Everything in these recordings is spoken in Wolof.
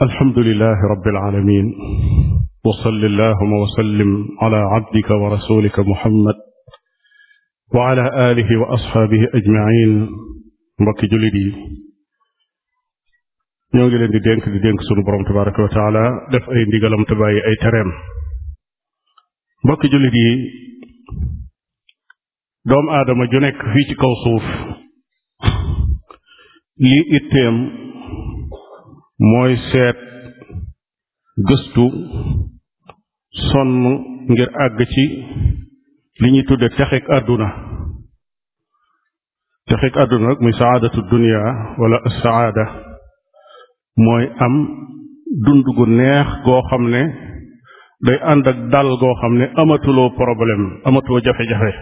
alhamdulilahi rabbil aalamiin wa salli allaahumma wa sallim alaa abdika wa rasuulika muhammad wa alaa aalihi wa asxaabihi ajmaiin mbokki jullit yi ñoo ngi leen di dénk di dénk sunu borom tabaaraka wa taala def ay ndigalam te bàyyi ay tereem mbokki jullit yi doomu aadama ju nekk fii ci kaw suuf lii itteem mooy seet gëstu sonn ngir àgg ci li ñuy tudde texeg àdduna texeg àdduna muy saadatu dunia wala saada mooy am dund gu neex goo xam ne day ànd ak dal goo xam ne amatuloo problème amatuloo jafe-jafe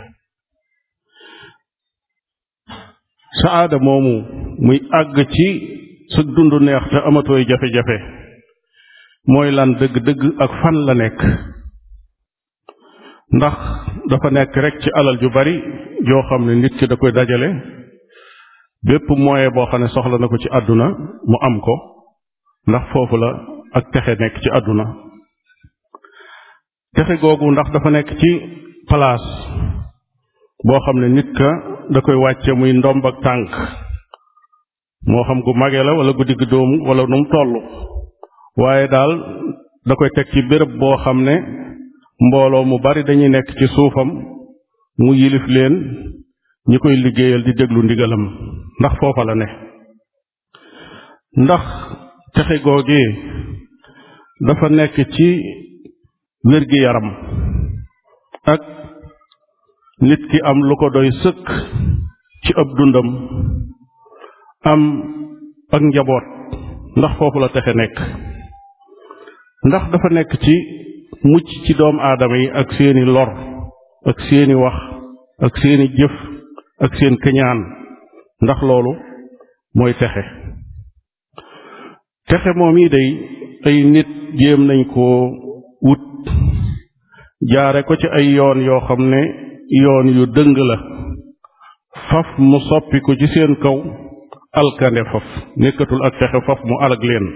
saada moomu muy àgg ci su dund neex te amatooy jafe-jafe mooy lan dëgg-dëgg ak fan la nekk ndax dafa nekk rek ci alal yu bari yoo xam ne nit ki da koy dajale bépp moyen boo xam ne soxla na ko ci àdduna mu am ko ndax foofu la ak texe nekk ci àdduna texe googu ndax dafa nekk ci place boo xam ne nit ka da koy wàcce muy ndomb ak tànk moo xam gu mage la wala gu digg doomu wala nu mu toll waaye daal da koy teg ci béréb boo xam ne mbooloo mu bari dañuy nekk ci suufam mu yilif leen ñi koy liggéeyal di déglu ndigalam ndax foofa la ne ndax goo gi dafa nekk ci wér-gi-yaram ak nit ki am lu ko doy sëkk ci ab dundam am ak njaboot ndax foofu la texe nekk ndax dafa nekk ci mucc ci doomu aadama yi ak seeni lor ak seeni wax ak seeni jëf ak seen keñaan ndax loolu mooy texe texe moom yi day ay nit jéem nañ koo wut jaare ko ci ay yoon yoo xam ne yoon yu dëng la faf mu soppiku ci seen kaw alkande faf nekkatul ak texe faf mu alag leen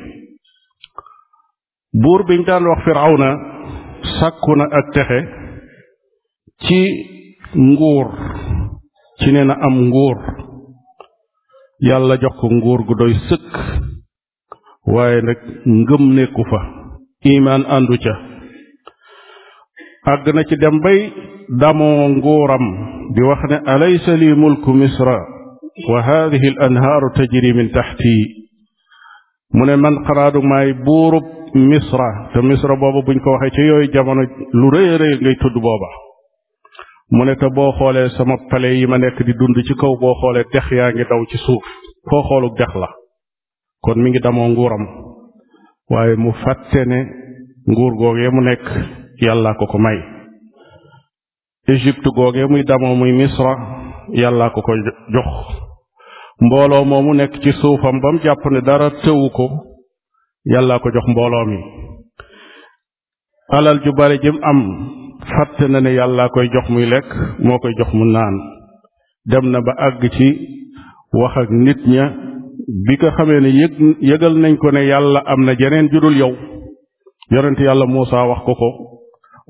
buur bi mu daan wax firawna sàkku na ak texe ci nguur ci nee na am nguur yàlla jox ko nguur gu doy sëkk waaye nag ngëm nekku fa imaan àndu ca àgg na ci dem bay damoo nguuram di wax ne alaysa li mulku misra wa haadihi al anhaaru tajri min mu ne man xaraadu may buurub misra te misra booba buñ ko waxee ci yooyu jamono lu rëy a rëy tudd booba mu ne te boo xoolee sama pale yi ma nekk di dund ci kaw boo xoolee dex yaa ngi daw ci suuf foo xoolu dex la kon mi ngi damoo nguuram waaye mu fàtte ne nguur googee mu nekk yàllaa ko ko may Égypte googee muy damoo muy misra yàllaa ko ko jox mbooloo moomu nekk ci suufam bam mu jàpp ne dara tëwu ko yàllaa ko jox mbooloo mi alal ju bari jim am fàtte na ne yàllaa koy jox muy lekk moo koy jox mu naan dem na ba àgg ci wax nit ña bi nga xamee ne yëg yëgal nañ ko ne yàlla am na jeneen judul yow yonent yàlla Muusa wax ko ko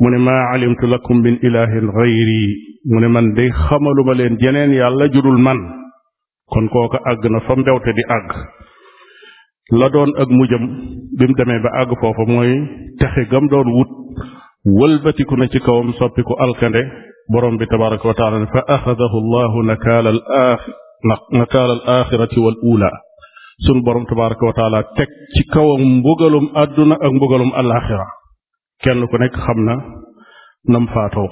mu ne maa alimtu la min ilahin gayri mu ne man day xamaluma leen jeneen yàlla judul man kon kooka àgg na fa mbewte di àgg la doon ak mujjam bi mu demee ba àgg foofa mooy texe gam doon wut wëlbatiku na ci kawam soppiku alkande borom bi tabaraka wa taala ne fa axadahu llahu nakaala al axir nakaala wal uula sun borom tabaraka wa taala teg ci kawam mbugalum àdduna ak mbugalum alaxira kenn ku nekk xam na nam faatoo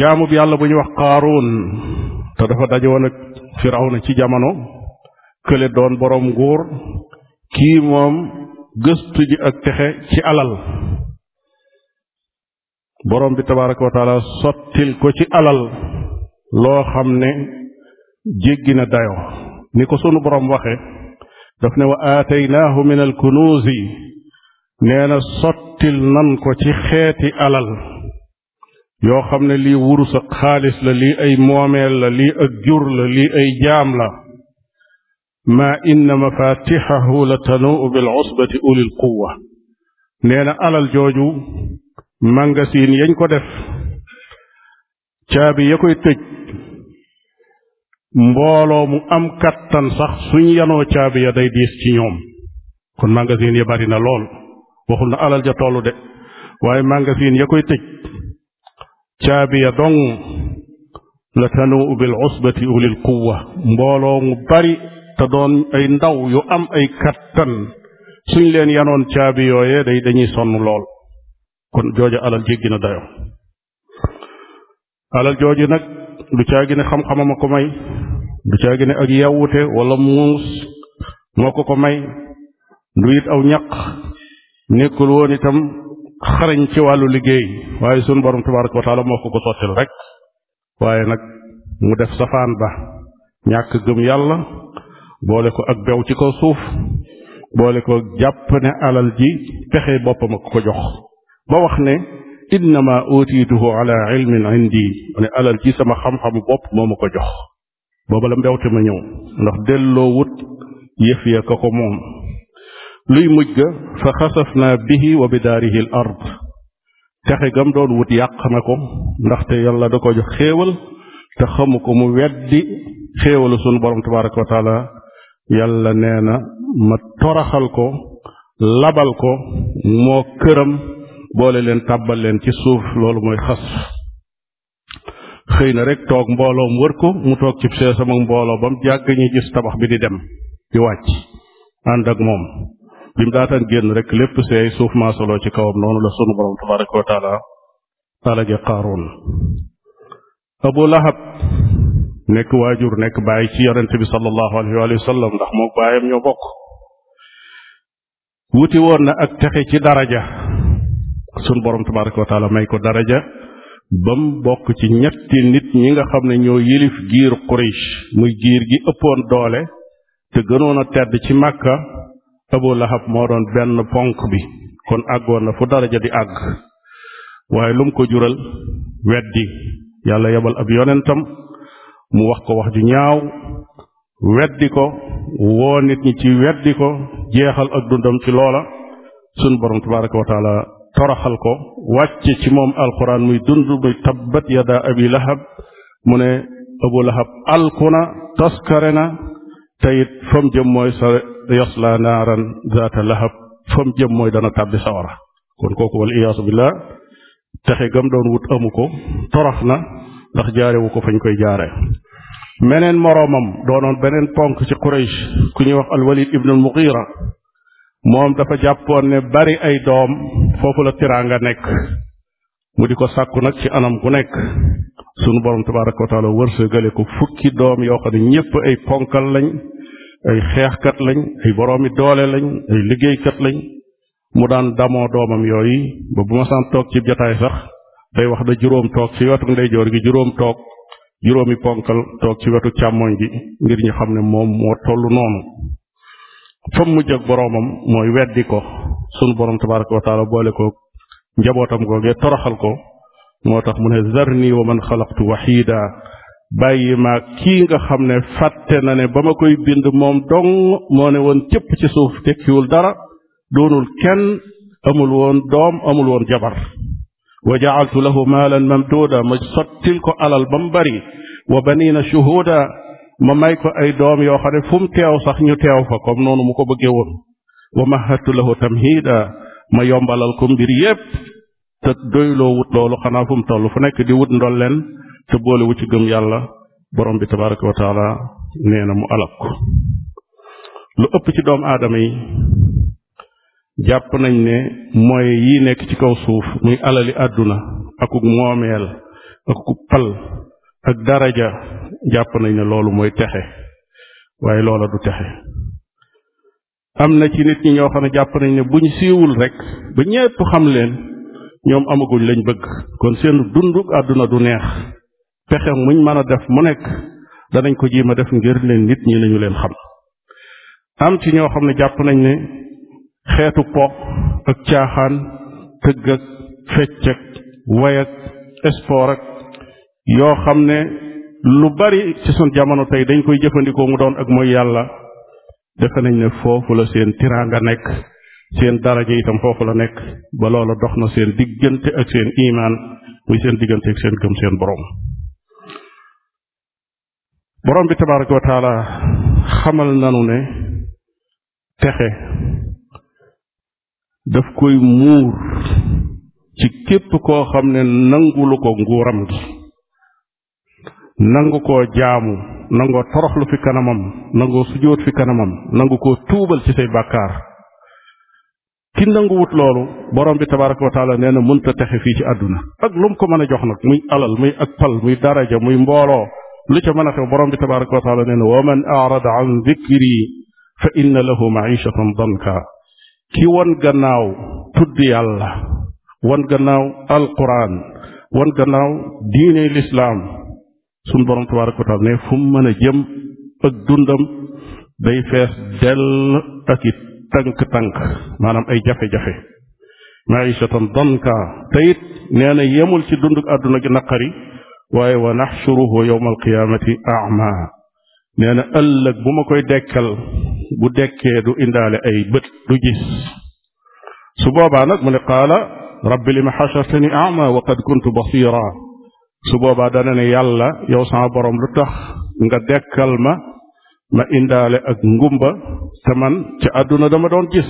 jaamu bi yàlla bu wax qaaruun te dafa daje woon ak Firawna ci jamono kële doon boroom nguur kii moom gëstu ji ak texe ci alal boroom bi tabaraka wa taala sottil ko ci alal loo xam ne jéggi na dayo ni ko sunu borom waxe daf ne wa aataynaahu min al kunuusi nee na sottil nan ko ci xeeti alal yoo xam ne lii wurus ak xaalis la lii ay moomeel la lii ak jur la lii ay jaam la maa inna mafatixahu la tanuu bil usbati ulil quwa nee na alal jooju màngasin yañ ko def caabi ya koy tëj mbooloo mu am kattan sax suñ yanoo caabi ya day diis ci ñoom kon màngasin ya bari na lool waxul na alal ja tollu de waaye màngasin ya koy tëj caabi ya dong la tanuu bil usbati ulil quwa mbooloo mu bari te doon ay ndaw yu am ay kattan suñ leen yanoon caabi yooye day dañuy sonn lool kon jooju alal jéggi na dayo alal jooju nag du caagi ne xam-xamam a ko may du caagi ne ak yawute wala muus moo ko ko may du it aw ñaq nekkul woon xarañ ci wàllu liggéey waaye sunu borom tabaraka wa taala moo ko ko sottil rek waaye nag mu def safaan ba ñàkk gëm yàlla boole ko ak bew ci kaw suuf boole ko jàpp ne alal ji pexe boppam ak ko jox ba wax ne innama utiituhu ala ilmin indi ne alal ji sama xam-xamu bopp moo ma ko jox booba la mbewte ma ñëw ndax delloo wut yëf ya ka ko moom luy mujj ga fa xasafna bihi wa bidaarihi al ard texe gam doon wut yàq na ko ndaxte yàlla da ko jox xéewal te xamu ko mu weddi xéewalu sunu borom tabaraka wa taala yàlla nee na ma toraxal ko labal ko moo këram boole leen tàbbal leen ci suuf loolu mooy xas xëy na rek toog mbooloom wër ko mu toog ci seesam ak mbooloo ba mu jàgg ñu gis tabax bi di dem di wàcc ànd ak moom bi mu daataan génn rek lépp seey suuf maasaloo ci kawam noonu la sunu borom tabaraka wa taala alage qaaroon abu lahab nekk waajur nekk bàyyi ci yonente bi sallallahu alayhi wa ndax moo baayam ñoo bokk wuti woon na ak texe ci daraja sunu borom tabaraka wa taala may ko daraja bam bokk ci ñetti nit ñi nga xam ne ñoo yilif giir Quraysh muy giir gi ëppoon doole te gënoon a tedd ci Makka Abu Lahab moo doon benn ponk bi kon àggoon na fu daraja di àgg waaye lu ko jural weddi yàlla yebal ab yonentam mu wax ko wax ju ñaaw weddi ko woo ñi ci weddi ko jeexal ak dundam ci loola sun borom tabaraka wa taala toroxal ko wàcce ci moom alxuraan muy dund muy tabbat yada abi lahab mu ne abu lahab alku toskare na te fam jëm mooy sa yasla naaran zaata lahab fa mu jëm mooy dana tàbbi sawara kon kooku wal iyaasu billah texe gam doon wut amu ko torox na ndax jaarewu ko fañ koy jaare meneen moroomam doonoon beneen ponk ci Quraysh ku ñuy wax alwalid ibnu mugira moom dafa jàppoon ne bari ay doom foofu la tiraanga nekk mu di ko sàkku nag ci anam ku nekk sunu borom tabaraka wa taala wërsëgale ko fukki doom yoo xam ñépp ay ponkal lañ ay xeexkat lañ ay boroomi doole lañ ay liggéeykat lañ mu daan damoo doomam yooyu ba bu ma sant toog ci jotaay sax day wax da juróom toog ci wetu ndeyjoor gi juróom toog juróomi ponkal toog ci wetu càmmoñ gi ngir ñu xam ne moom moo tollu noonu fam mu jëg boroomam mooy weddi ko sunu boroom tabaraka wa taala boole ko njabootam googee toroxal ko moo tax mu ne zarni wa man xalaqtu waxiida bàyyi ma kii nga xam ne fàtte na ne ba ma koy bind moom dong moo ne woon cëpp ci suuf tekkiwul dara doonul kenn amul woon doom amul woon jabar wa jaaltu lahu maalan mamduuda ma sottil ko alal ba mu bari wa na shuhuda ma may ko ay doom yoo xam ne fu mu teew sax ñu teew fa comme noonu mu ko bëggee woon wa mahattu lahu tamhida ma yombalal ko mbir yépp te doyloo wut loolu xanaa fu mu toll fu nekk di wut ndolleen te boolewu ci gëm yàlla borom bi tabaraka wa taala nee na mu alak lu ëpp ci doomu aadama yi jàpp nañ ne mooy yi nekk ci kaw suuf muy alali àdduna akuk moomeel akuk pal ak daraja jàpp nañ ne loolu mooy texe waaye loola du texe am na ci nit ñi ñoo xam ne jàpp nañ ne buñ siiwul rek ba ñépp xam leen ñoom amaguñ lañ bëgg kon seen dunduk àdduna du neex pexe muñ mën a def mu nekk danañ ko jéem a def ngir leen nit ñi lañu leen xam am ci ñoo xam ne jàpp nañ ne xeetu pop ak caaxaan tëgg ak fecc ak yoo xam ne lu bari ci sun jamono tey dañ koy jëfandikoo mu doon ak mooy yàlla defe nañ ne foofu la seen tiraanga nekk seen daraja tam foofu la nekk ba loola dox na seen diggante ak seen imaan muy seen diggante ak seen gëm seen boroom borom bi tabaraka wa taala xamal nanu ne texe daf koy muur ci képp koo xam ne nangulu ko nguuram gi nangu koo jaamu nangoo toroxlu fi kanamam nangoo sujjóot fi kanamam nangu koo tuubal ci say bàkkaar ki nanguwut loolu borom bi tabaraka wa taala nee na mënta texe fii ci àdduna ak lu ko mën a jox nag muy alal muy ak pal muy daraja muy mbooloo li ca mën a xew borom bi tabaraka wa taala nee na wa man arada an dikri fa inna lahu maishatan danka ki won gannaaw tudd yàlla wan gannaaw alquran won gannaaw diine lislaam sun borom tabaraka wa taala ne fu mën a jëm ak dundam day fees dell ak i tànk-tànk maanaam ay jafe-jafe maishatan danka te it yemul ci dund àdduna naqari waaye wa naxshuruhu yowma alqiyaamati ama nee na ëllëg bu ma koy dekkal bu dekkee du indaale ay bët du gis su boobaa nag mu ne qaala rabbi lima xashartani ama wa qad kuntu basira su boobaa dana ne yàlla yow sama borom lu tax nga dekkal ma ma indaale ak ngumba te man ci àdduna dama doon gis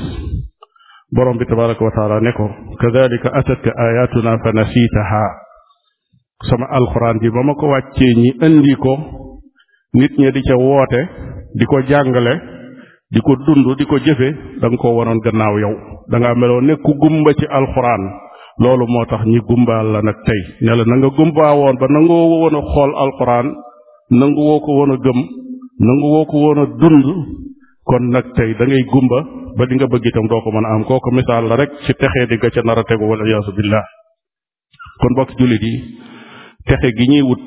borom bi tabaraka wa taala ne ko kadalika atatka ayatuna fa nasitaha sama alxuraan bi ba ma ko wàccee ñi indi ko nit ñi di ca woote di ko jàngale di ko dund di ko jëfe da ko koo waroon gannaaw yow da ngaa meloo ne ku gumba ci alxuraan loolu moo tax ñi gumbaal la nag tey ne na nga gumbaa woon ba nangoo woon a xool alxuraan nangu woo ko woon a gëm nangu woo ko woon a dund kon nag tey da gumba ba li nga bëgg itam doo ko mën a am kooku misaal la rek ci texee di ga ca nar a tegu wal iyaasu kon bokk jullit texe gi ñuy wut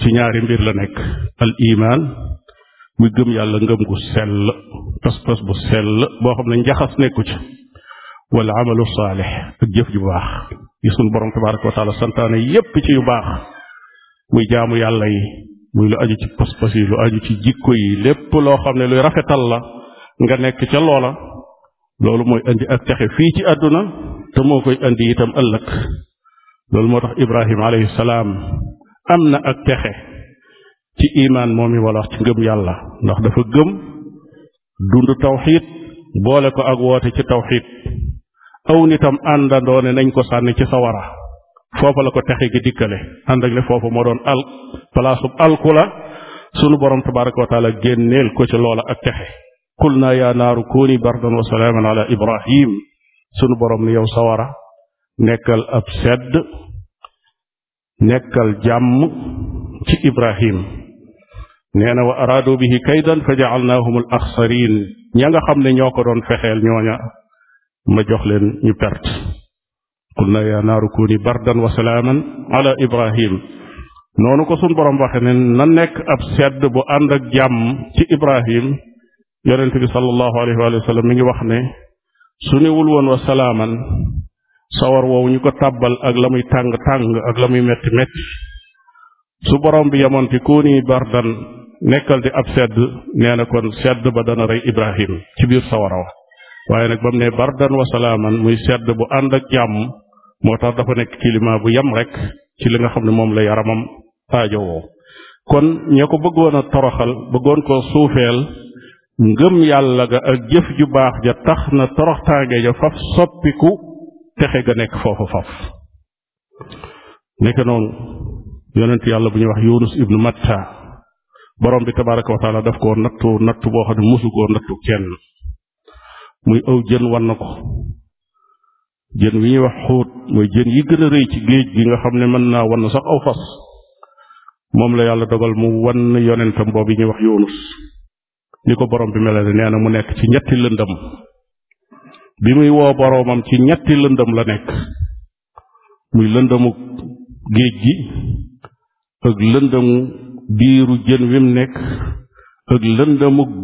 ci ñaari mbir la nekk al iman muy gëm yàlla ngëm gu sell pas-pas bu sell boo xam ne njaxas nekku ci wala amalu saalix ak jëf yu baax yi suñ borom tabaraka wa taala santaane yépp ci yu baax muy jaamu yàlla yi muy lu aju ci pas-pas yi lu aju ci jikko yi lépp loo xam ne luy rafetal la nga nekk ca loola loolu mooy indi ak texe fii ci àdduna te moo koy indi itam ëllëg loolu moo tax Ibrahim alayhi salaam am na ak texe ci imaan moom i wala wax ci ngëm yàlla ndax dafa gëm dund tawxiid boole ko ak woote ci tawxiid aw nitam àndandoo ne nañ ko sànni ci sawara foofa la ko texe gi dikkale ànd ak ne foofa moo doon al palaasub alku la sunu borom tabaraka wa taala génneel ko ci loola ak texe qul naa yaa naaru kuuni bardan wa salaaman ala ibrahim sunu borom ni yow sawara nekkal ab sedd nekkal jàmm ci ibrahim nee wa araadu bihi kaydan fa ja'alnaahum al axsariin ña nga xam ne ñoo ko doon fexeel ñooña ma jox leen ñu perte qulna ya naaru kuuni bardan wa salaaman ala ibrahim noonu ko sun borom waxe ne na nekk ab sedd bu ànd ak jàmm ci ibrahim yonent bi salaaman sawar woowu ñu ko tàbbal ak la tàng tàng ak la muy metti metti su borom bi yemoon ci kuuni bardan nekkal di ab sedd nee na kon sedd ba dana rey Ibrahim ci biir sawara wa waaye nag ba mu ne bardan wa muy sedd bu ànd ak jàmm moo tax dafa nekk climat bu yem rek ci li nga xam ne moom la yaramam aajowoo kon ña ko bëggoon a toroxal bëggoon koo suufeel ngëm yàlla ga ak jëf ju baax ja tax na toroxtaange ja faf soppiku texe ga nekk foofu faf nekk noonu yonent yàlla bu ñuy wax yunus ibnu matta borom bi tabaraka wa taala daf koo nattu nattu boo xam ne mosu koo nattu kenn muy aw jën wan na ko jën wi ñuy wax xóot mooy jën yi gën a rëy ci géej gi nga xam ne mën naa wan sax aw fas moom la yàlla dogal mu wan yonentam boobu ñuy wax yunus ni ko borom bi melale nee na mu nekk ci ñetti lëndam bi muy woo boroomam ci ñetti lëndëm la nekk muy lëndëmu géej gi ak lëndëmu biiru jën wi mu nekk ak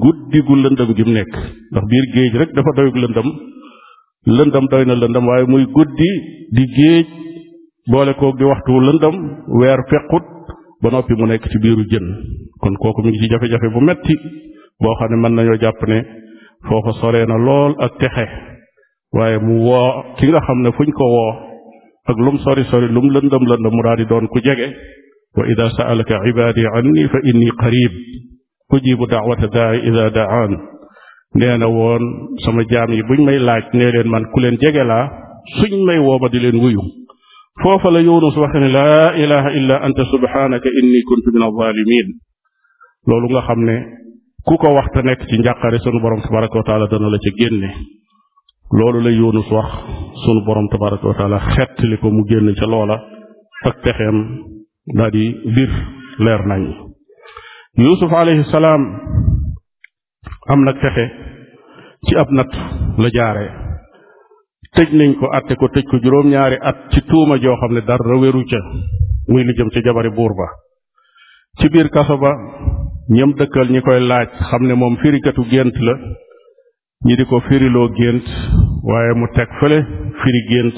guddi gu lëndëm gi mu nekk ndax biir géej rek dafa doyug lëndëm lëndëm doy na lëndëm waaye muy guddi di géej boole koog di waxtu lëndëm weer fequt ba noppi mu nekk ci biiru jën kon kooku mi ngi ci jafe-jafe bu metti boo xam ne mën nañoo jàpp ne foofa soree na lool ak texe waaye mu woo ki nga xam ne fuñ ko woo ak lum sori sori lum lëndëm lëndëm mu daal di doon ku jege wa ida saalaka ibaadi anni fa inni qarib ujibu daawata woon sama jaam yi buñ may laaj nee leen man ku leen jege laa suñ may wooba di leen wuyu foofa la yunus waxe ne laa ilaha illa anta subhanaka inni kuntu min alzalimin loolu nga xam ne ku ko waxta nekk ci njàqare sunu borom tabaraka wa taala dana la ca génne loolu la Yunus wax sunu borom tabaraka wa taala ko mu génn ca loola ak pexeem daal biir leer nañ Yuusuf alayhi salaam am na pexe ci ab nat la jaare tëj nañ ko àtte ko tëj ko juróom-ñaari at ci tuuma joo xam ne dara wéru ca muy li jëm ca jabari buur ba ci biir kaso ba ñam dëkkal ñi koy laaj xam ne moom firikatu gént la ñi di ko firiloo gént waaye mu teg fële firi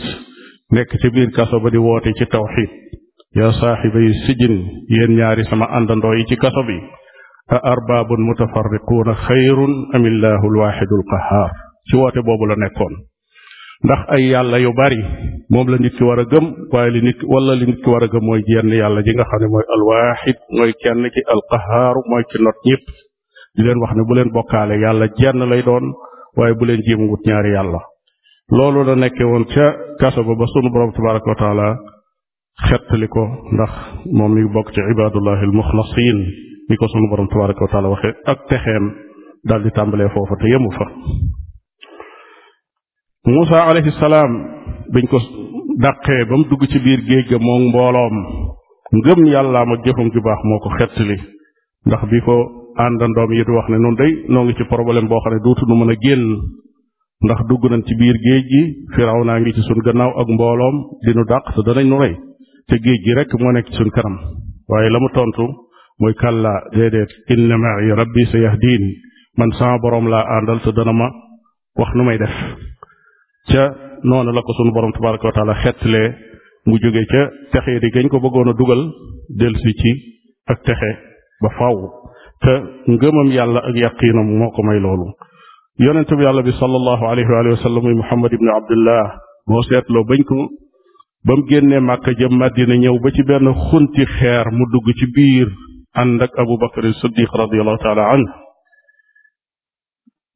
nekk ci biir kaso ba di woote ci tawxiid yaa saaxiba sijin yéen ñaari sama àndandoo yi ci kaso bi a arbaabun mutafarriquuna xayrun am illaahu alwaaxidu alqahaar ci woote boobu la nekkoon ndax ay yàlla yu bari moom la nit ki war a gëm waaye li nit wala li nit war a gëm mooy jenn yàlla ji nga xam ne mooy alwaaxid mooy kenn ki alqahaaru mooy ki not ñëpp di leen wax ne bu leen bokkaale yàlla jenn lay doon waaye bu leen jéem wut ñaari yàlla loolu la nekke woon ca kaso ba ba sunu borom tabaraka wa taala xettali ko ndax moom mi bokk ci ibadullahi almuxlasin ni ko sunu borom tabaraka wa taala waxe ak texeem daal di tàmbalee foofa te yemu fa Muusa alayhi salaam biñ ko dàqee ba mu dugg ci biir géej ga moom mbooloom ngëm yàllaam ak jëfam ju baax moo ko xettali ndax bi ko àndandoom yi di wax ne noonu day noo ngi ci problème boo xam ne dootu nu mën a génn ndax dugg nañ ci biir géej gi firaw naa ngi ci suñ gannaaw ak mbooloom di nu dàq te danañ nu rey te géej gi rek moo nekk sun suñ kanam waaye la mu tontu mooy kàllaa déedéet inna ma'i rabbi sa yahdiin man saa boroom laa àndal te dana ma wax nu may def ca noonu la ko sunu boroom tabaraka wa taala xettlee mu jóge ca texee di gañ ko bëggoon a dugal delsi ci ak texe ba faaw te ngëmam yàlla ak yaqiinam moo ko may loolu yonentu bi yàlla bi sallallahu alayhi wa sallam muy Muhammad ibn Abdullah moo seetloo bañ ko ba mu génnee Màkka jëm Madina ñëw ba ci benn xunti xeer mu dugg ci biir ànd ak Abu Bakr as-Siddiq taala anhu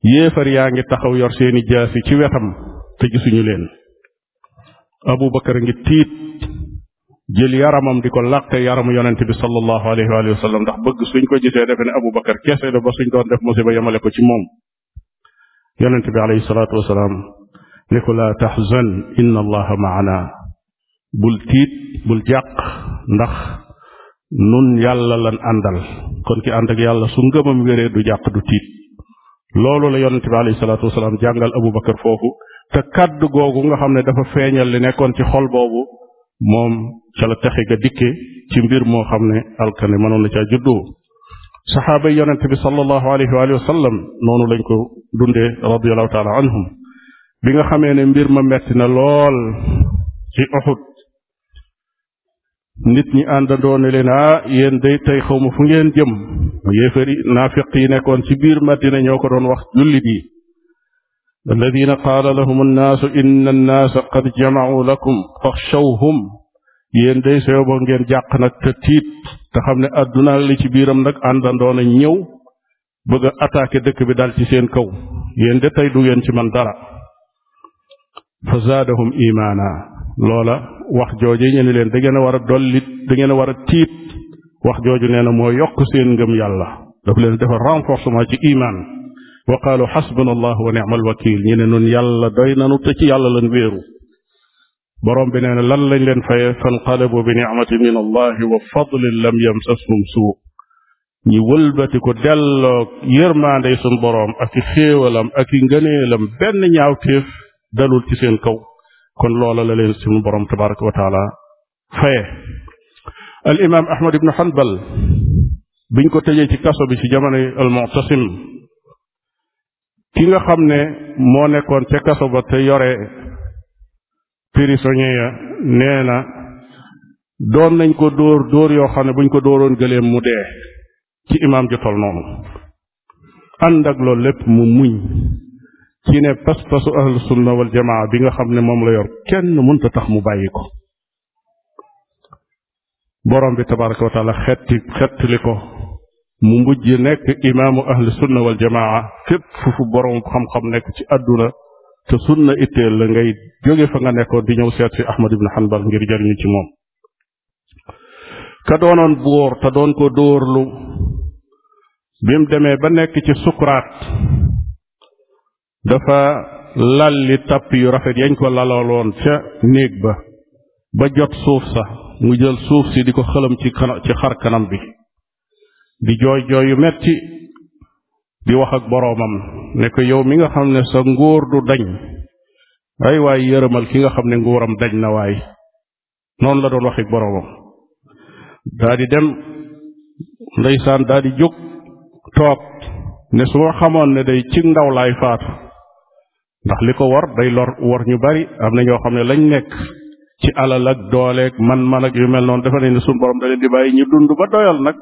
yéefar yaa ngi taxaw yor seeni jaasi ci wetam te gisuñu leen Abu Bakr ngi tiit jël yaramam di ko làqe yaramu yonent bi sallallahu alayhi wa sallam ndax bëgg suñ ko gisee defe ne Abu Bakr kese ba suñ doon def musiba yemale ko ci moom yonent bi alayhi salaatu wasalaam ne ko laa taxzan inna allaha bul tiit bul jàq ndax nun yàlla lan àndal kon ki àndak yàlla su ngëmam wéree du jàq du tiit loolu la yonent bi alayhi salaatu wasalaam jàngal Abu Bakar foofu te kàddu googu nga xam ne dafa feeñal li nekkoon ci xol boobu moom ca la texe ga dikke ci mbir moo xam ne alkane mënoon na caa juddoo saxaaba yi yonent bi sallallahu alayhi taala anhum bi nga xamee ne mbir ma metti na lool ci Uhud nit ñi àndandoo ne leen ah yéen day tey xaw fu ngeen jëm yéefari naafiq yi nekkoon ci biir Madina ñoo ko doon wax jullit yi alladina qaala lahum annaasu inna annaasa qad jamacuu lakum faxshawhum yéen day sew ba ngeen jàq nag te tiit te xam ne àdduna ci biiram nag àndandoo na ñëw bëgg a dëkk bi daal ci seen kaw yéen de tey du ngeen ci man dara fa zaadahum imaana loola wax jooju ñu ne leen da ngeen a war a dolli da ngeen a war a tiit wax jooju nee na moo yokk seen ngëm yàlla daf leen defal renforcement ci imaan wa qaalu xasbuna allah wa ni'mal wakiil ñu ne nun yàlla doy nanu te ci yàlla lan wéeru boroom bi nee na lan lañ leen faye fanqalabu bi nicmati min allahi wa fadlin lam yamsashum suu ñi wëlbati ko delloo yërmaandey suñ boroom ak i xéewalam ak i ngëneelam benn ñaaw téef dalul ci seen kaw kon loola la leen sunu borom tabaraka wa taala faye al imaam ibnu hanbal biñ ko tëjee ci kaso bi ci jamonoy al ki nga xam ne moo nekkoon ca kaso ba te yore prisonnier ya nee na doon nañ ko dóor dóor yoo xam ne buñ ko dóoroon gëleem mu dee ci imaam ju noonu ànd ak lépp mu muñ ci ne pas-pasu ahlu sunna wal jamaa bi nga xam ne moom la yor kenn mënta tax mu bàyyi ko borom bi tabaraka wa taala xetti xettali ko mu mujj nekk imaamu ahlu sunna wal jamaa fépp fu borom xam-xam nekk ci àdduna te sunna itteel la ngay jóge fa nga nekkoon di ñëw seet si Ahmad ibn Hanbal ngir jariñu ci moom ka doonoon buur te doon ko dóorlu bi demee ba nekk ci sukuraat dafa li tapp yu rafet yañ ko lalaloon ca néeg ba ba jot suuf sa mu jël suuf si di ko xëlam ci xar kanam bi di jooy jooy metti di wax ak boroomam ne ko yow mi nga xam ne sa nguur du dañ ay waay yërëmal ki nga xam ne nguuram dañ na waay noonu la doon wax ak boroomam daa di dem ndeysaan daa di jóg toog ne su xamoon ne day ci ndaw laay ndax li ko war day lor war ñu bari am na ñoo xam ne lañ nekk ci alal ak man-man ak yu mel noon dafa ne ne suñu borom da di bàyyi ñu dund ba doyal nag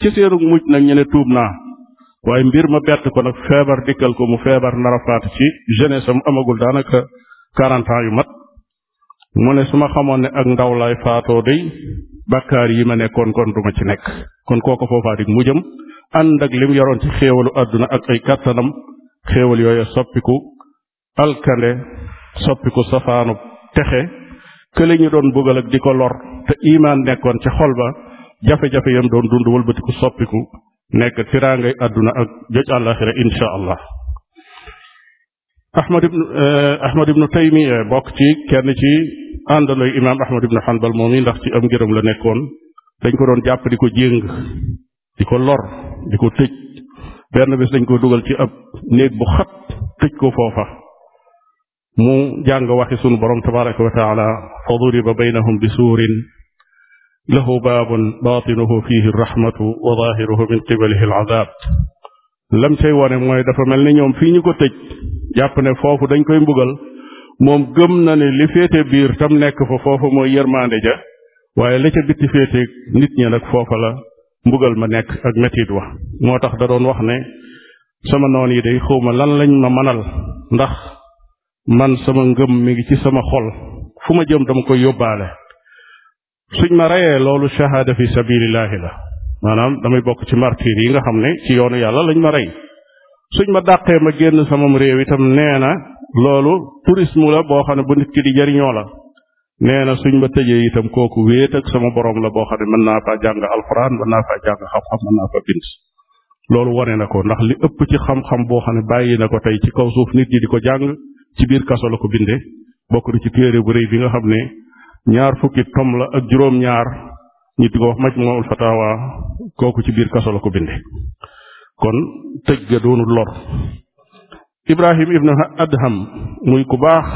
ci seenu nag ñu tuub naa waaye mbir ma bett ko nag feebar dikkal ko mu feebar nar a faatu ci jeunesse am amagul daanaka quarante yu mat mu ne su ma xamoon ne ak ndaw laay faatoo day bakkaar yi ma nekkoon kon du ma ci nekk kon kooko foofaadik mu jëm ànd ak lim yoroon ci xéewalu àdduna ak ay kàttanam xéewal yooyu soppiku alkande soppiku safaanu texe kële ñu doon bugal ak di ko lor te imaan nekkoon ca xol ba jafe-jafe yam doon dund wëlbatiku soppiku nekk tiraangay àdduna ak joj àllaaxira insha allah ahmad ibnu eh, ahmad ibnu bokk ci kenn ci àndaloy imaam ahmad ibnu hanbal moom yi ndax ci am ngërëm la nekkoon dañ ko doon jàpp di ko jéng di ko lor di ko tëj benn bés dañ ko dugal ci ab néeg bu xat tëj ko foofa mu jàng waxi sunu borom tabaraka wa taala fa duriba baynahum bi suurin lahu baabun baatinuhu fiihi rahmatu wa zaahiruhu min qibalihi al-azaab lam cay wone mooy dafa mel ni ñoom fii ñu ko tëj jàpp ne foofu dañ koy mbugal moom gëm na ne li féete biir tam nekk fa foofa mooy yërmaande ja waaye la ca bitti féete nit ñi nag foofa la mbugal ma nekk ak metit wa moo tax da doon wax ne sama noon yi day xawma lan lañ ma manal ndax man sama ngëm mi ngi ci sama xol fu ma jëm dama koy yóbbaale suñ ma reyee loolu shahaada fi sabilillahi la maanaam damay bokk ci martyr yi nga xam ne ci yoonu yàlla lañ ma rey suñ ma dàqee ma génn samam réew itam nee na loolu tourisme la boo xam ne bu nit ki di jariñoo la nee na suñ ma tëjee itam kooku wéet sama borom la boo xam ne mën naa faa jàng alxuraan mën naa faa jàng xam-xam mën naa faa bind loolu wane na ko ndax li ëpp ci xam-xam boo xam ne bàyyi na ko tey ci kaw suuf nit ñi di ko jàng ci ko binde bokk ci téere bu rëy bi xam ne ñaar fukki tom la ak juróom-ñaar ñu di ko wax majmuul kooku ci biir kaso la ko binde kon tëj ga doonul lor ibrahim ibnu adham muy ku baax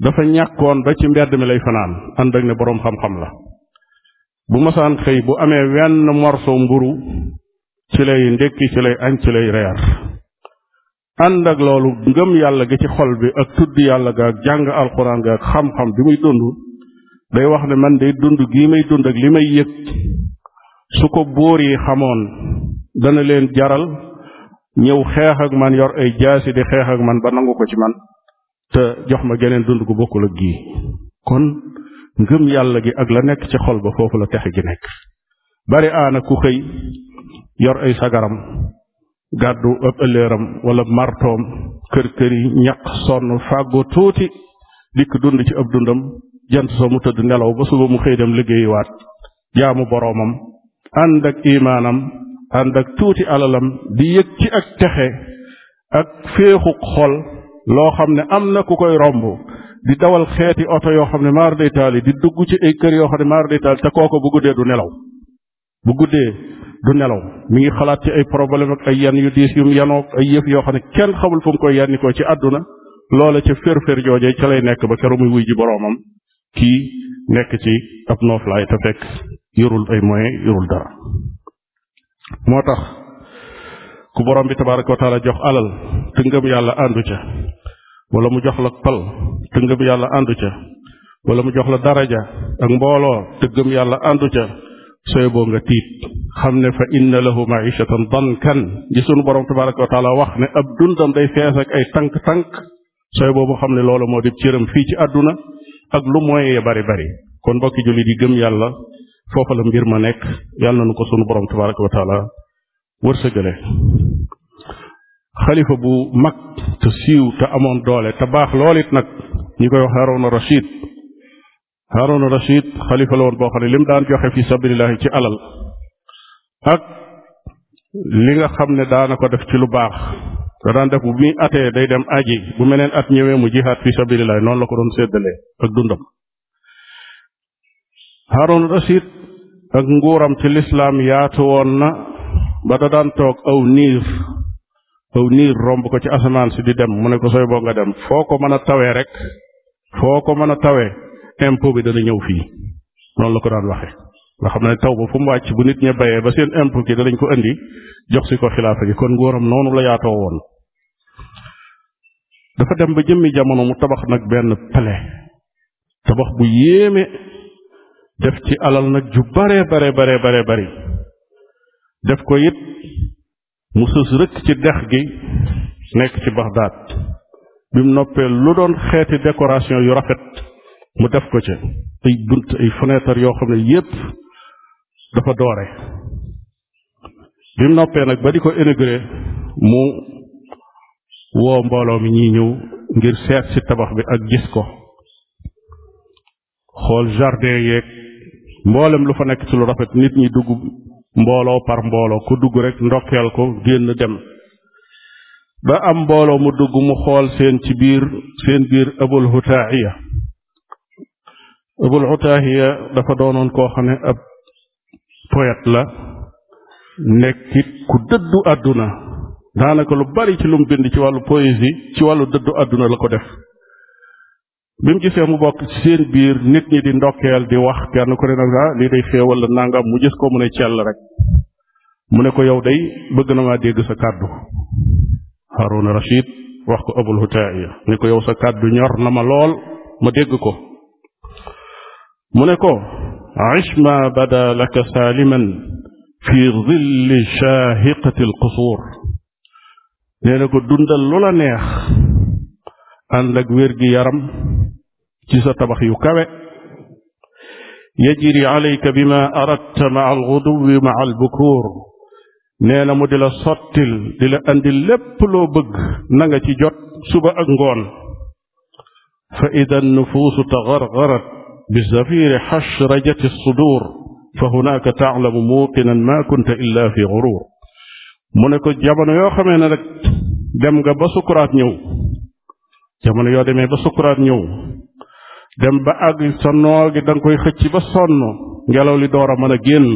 dafa ñàkkoon ba ci mbedd lay fanaan ànd ak ne boroom xam-xam la bu masaan xëy bu amee wenn morso mburu ci lay ndékki ci lay añ ci lay reer ànd ak loolu ngëm yàlla gi ci xol bi ak tudd yàlla ga ak jàng alxuraan ga ak xam-xam bi muy dund day wax ne man dey dund gii may dund ak li may yëg su ko buur yi xamoon dana leen jaral ñëw xeex ak man yor ay jaasi di xeex ak man ba nangu ko ci man te jox ma geneen dund gu bokkul ak gii kon ngëm yàlla gi ak la nekk ci xol ba foofu la texe gi nekk bari ku xëy yor ay sagaram gàddu ab ëlleeram wala martoom kër këri ñaq sonn fàggoo tuuti dikk dund ci ab dundam jant soo mu tëdd nelaw ba suba mu xëy dem liggéeyiwaat jaamu boroomam ànd ak imaanam ànd ak tuuti alalam di yëg ci ak texe ak féexuk xol loo xam ne am na ku koy romb di dawal xeeti oto yoo xam ne maar day taali di dugg ci ay kër yoo xam ne maar day taali te kooko bu guddee du nelaw bu guddee du nelaw mi ngi xalaat ci ay problème ak ay yan yu diis yum yanoog ay yëf yoo xam ne kenn xamul fu mu koy yanni ko ci àdduna loola ca fér-fér joojee ca lay nekk ba keroog muy wuy ji boroomam kii nekk ci ab nooflaay te fekk yorul ay moyens yorul dara moo tax ku borom bi tabaraka wa jox alal te ngëm yàlla àndu ca wala mu jox la pal te ngëm yàlla àndu ca wala mu jox la daraja ak mbooloo te ngëm yàlla àndu sooy boo nga tiit xam ne fa inna lahu maishatan dankan gi sunu borom tabaraka wa taala wax ne ab dundam day fees ak ay tànk-tànk sooy boobu xam ne loolu moo di cëram fii ci àdduna ak lu mooyee bari bari kon mbokki julli di gëm yàlla foofa la mbir ma nekk yàlla na nu ko sunu borom tabaraka wa taala wërsëgale xalifa bu mag te siiw te amoon doole te baax loolit nag ñi koy wax Haroona Rashid Haaruna Rashid xalifa la woon boo xam ne lim daan joxe fi ci alal ak li nga xam ne daana ko def ci lu baax da daan def bu atee day dem aji bu meneen at ñëwee mu jihaat fi sabilillahi noonu la ko doon séddalee ak dundam Haaruna Rashid ak nguuram ci lislaam yaatu woon na ba da daan toog aw niir aw niir romb ko ci asamaan si di dem mu ne ko sooy boo nga dem foo ko mën a tawee rek foo ko mën a tawee impôt bi dana ñëw fii noonu la ko daan waxe nga xam ne taw ba fu mu bu nit ña bayee ba seen impôt ki danañ ko indi jox si ko xilaafa gi kon nguuram noonu la yaatoo woon dafa dem ba jëmmi jamono mu tabax nag benn palais tabax bu yéeme def ci alal nag ju bare bare bare bare bari def ko it mu sës rëkk ci dex gi nekk ci Baxdaad bi mu noppee lu doon xeeti décoration yu rafet mu def ko ci ay bunt ay fenêtre yoo xam ne yépp dafa doore bi mu noppee nag ba di ko inauguré mu woo mbooloo mi ñuy ñëw ngir seet ci tabax bi ak gis ko xool jardin yeeg mboolem lu fa nekk ci lu rafet nit ñi dugg mbooloo par mbooloo ku dugg rek ndokkeel ko génn dem ba am mbooloo mu dugg mu xool seen ci biir seen biir abul hutaiya Abul Utaahiya dafa doonoon koo xam ne ab poète la nekkit ku dëddu àdduna daanaka lu bari ci lu mu bind ci wàllu poésie ci wàllu dëddu àdduna la ko def bi mu gisee mu bokk ci seen biir nit ñi di ndokkeel di wax kenn ko ne nag ah lii day xéewal la nangam mu gis ko mu ne cell rek mu ne ko yow dey bëgg na maa dégg sa kàddu Haaruna Rashid wax ko Abul Utaahiya ne ko yow sa kàddu ñor na ma lool ma dégg ko mu ne ko ish ma bada laka saaliman fi zilli shaahiqati alqusuur nee na ko dundal lu la neex ànd wirgi yaram ci tabax yu kawe yajri alayka bima aradta maa alguduwi maa albukuur nee na mu di la sottil di la andi lépp loo bëgg na ci jot suba ak ngoon fa ida nufuusu tagargarat bi zafiri xashrajati sudur fa hunaaka taalamu muuqinan maa kunta illa fi xuruur mu ne ko jamono yoo xamee ne rek dem nga ba sukuraat ñëw jamono yoo demee ba sukuraat ñëw dem ba àgg sa noogi da koy xëcc ba sonn ngelaw li door a mën a génn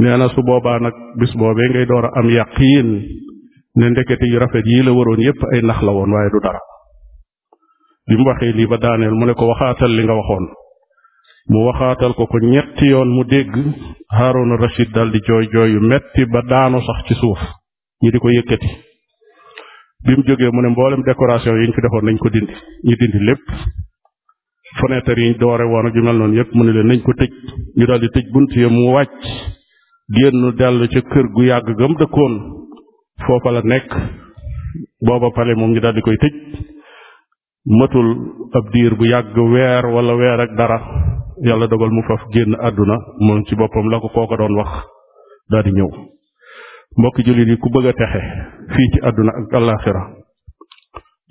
nee na su boobaa nag bis boobee ngay door a am yaqiin ne ndekete yu rafet yii la waroon yépp ay nax la woon waaye du dara bi mu waxee lii ba daaneel mu ne ko waxaatal li nga waxoon mu waxaatal ko ko ñetti yoon mu dégg Haaruna Rashid dal di jooy jooy yu metti ba daanu sax ci suuf ñi di ko yëkkati bi mu jógee mu ne mboolem décoration yi ñu fi defoon nañ ko dindi ñu dindi lépp fenêtre yi ñu doore woon ak yu noonu yëpp mu ne leen nañ ko tëj ñu daal di tëj bunt ya mu wàcc génn dellu ca kër gu yàgg gam dëkkoon foofa la nekk booba pale moom ñu daal di koy tëj matul ab diir bu yàgg weer wala weer ak dara yàlla dogal mu faf génn àdduna moom ci boppam la ko kooko doon wax daal di ñëw mbokki jullit yi ku bëgg a texe fii ci àdduna ak àllaaxira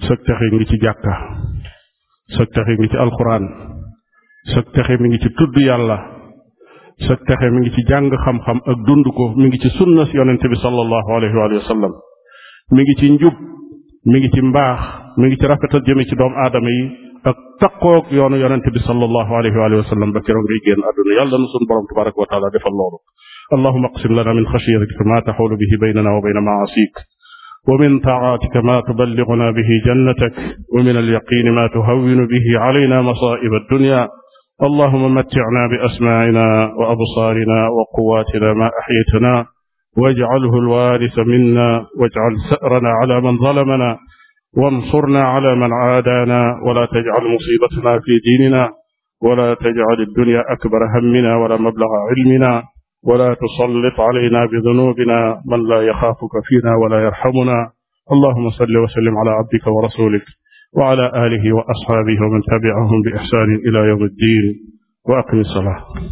sag texe ngi ci jàkka sag texe ngi ci alxuraan sag texe mi ngi ci tudd yàlla sag texe mi ngi ci jàng xam-xam ak dund ko mi ngi ci sunna si bi sallallahu alayhi wa mi ngi ci njub mi ngi ci mbaax mi ngi ci rafetal jëme ci doomu aadama yi ak taqoog yoonu yonente bi sallallahu alayhi wa sallam ba keroog ngay génn àdduna yàlla na sunu borom tabaraka wa taala defal loolu allahuma aqsim lana min xashiyatika ma taxawlu bihi baynana wa bayna maasik ومن طاعاتك ما تبلغنا به جنتك ومن اليقين ما تهون به علينا مصائب الدنيا اللهم متعنا بأسماعنا وأبصارنا وقواتنا ما أحيتنا wajcalhu alwaarisa minna wajcal sa'rana ala man zalamana wansurna ala man aadaana wala tajcal musiibatana fi diinina wala tajcal addunya akbara hammina wala mablaga cilmina wala tusallit alayna bidunuubina man laa yaxaafuka fiina wala yarxamuna allahuma salli wa sallim ala abdika wa rasulik wa ala aalihi wa asxaabihi wa man tabi'ahum bi ixsaanin ila yawmi ddiin wa aqimi salaah